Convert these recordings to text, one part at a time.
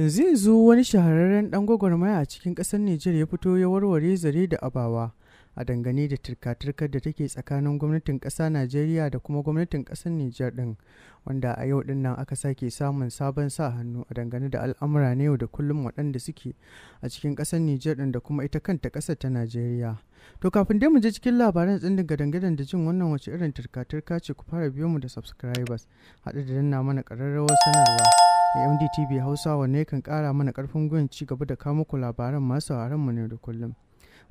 yanzu yanzu wani shahararren dan gwagwarmaya a cikin kasar Nijar ya fito ya warware zare da abawa a dangane da turka-turkar da take tsakanin gwamnatin kasa Najeriya da kuma gwamnatin kasar Nijar ɗin wanda a yau ɗin nan aka sake samun sabon sa hannu a dangane da al'amura na yau da kullum waɗanda suke a cikin kasar Nijar ɗin da kuma ita kanta kasar ta Najeriya. To kafin dai mu je cikin labaran tsin daga dangaren da jin wannan wace irin turka-turka ce ku fara biyo mu da subscribers haɗu da danna mana ƙararrawar sanarwa. AMD TV Hausa ne kan kara mana karfin gwiwa ci gaba da kawo muku labaran masu mu ne da kullum.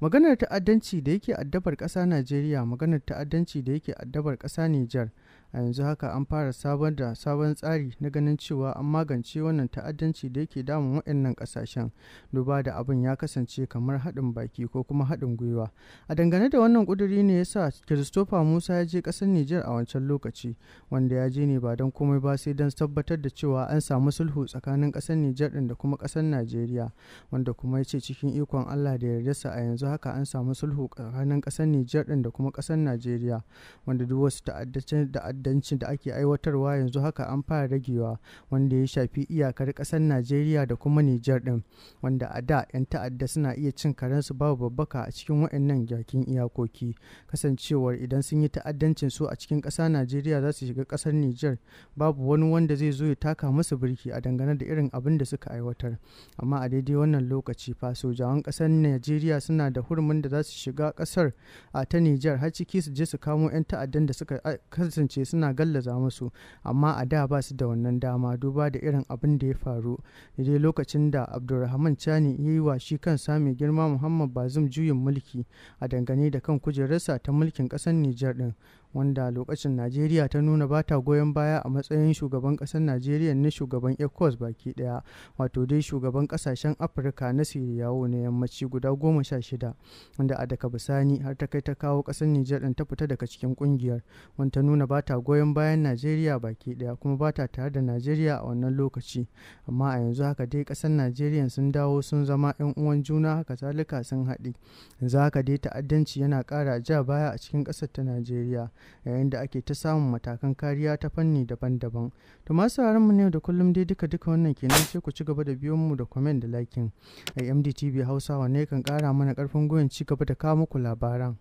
maganar ta'addanci da yake addabar ƙasa najeriya maganar ta'addanci da yake addabar ƙasa nijar a yanzu haka an fara sabon da sabon tsari na ganin cewa an magance wannan ta'addanci da yake damun waɗannan ƙasashen duba da abin ya kasance kamar haɗin baki ko kuma haɗin gwiwa a dangane da wannan ƙuduri ne ya sa christopher musa ya je ƙasar nijar a wancan lokaci wanda ya je ne ba don komai ba sai don tabbatar da cewa an samu sulhu tsakanin ƙasar nijar ɗin da kuma ƙasar najeriya wanda kuma ya ce cikin ikon allah da yarda sa a yanzu yanzu haka an samu sulhu tsakanin kasar Nijar din da kuma kasar Najeriya wanda duk wasu ta'addancin da ake aiwatarwa yanzu haka an fara ragewa wanda ya shafi iyakar kasar Najeriya da kuma Nijar din wanda a da 'yan ta'adda suna iya cin karensu babu babbaka a cikin waɗannan jakin iyakoki kasancewar idan sun yi ta'addancin su a cikin ƙasa Najeriya za su shiga ƙasar Nijar babu wani wanda zai zo ya taka musu birki a dangane da irin abin da suka aiwatar amma a daidai wannan lokaci fa sojawan ƙasar Najeriya suna da hurumin da za su shiga kasar a ta Nijar har ciki su je su kamo 'yan ta'addan da suka kasance suna gallaza musu amma a da ba su da wannan dama duba da irin abin da ya faru daidai lokacin da Abdulrahman Chani ya yi wa shi kan sami girma Muhammad Bazum juyin mulki a dangane da kan kujerarsa ta mulkin kasar Nijar din wanda lokacin najeriya ta nuna ba ta goyon baya a matsayin shugaban kasar najeriya na shugaban ecos baki daya wato dai shugaban ƙasashen afirka na siriyawo na yammaci guda goma sha shida wanda a daga bisani har ta kai ta kawo kasar nijar din ta fita daga cikin ƙungiyar wanda nuna ba ta goyon bayan najeriya baki ɗaya kuma ba ta tare da najeriya a wannan lokaci amma a yanzu haka dai kasar najeriya sun dawo sun zama 'yan uwan juna haka zalika sun haɗe yanzu haka dai ta'addanci yana ƙara ja baya a cikin ƙasar ta najeriya yayin da ake ta samun matakan kariya ta fanni daban-daban to masu mu ne da kullum dai duka duka wannan kenan sai ku ci gaba da biyon mu da comment da liking a mdtv hausawa ne kan kara mana karfin gwiwa ci gaba da kawo muku labaran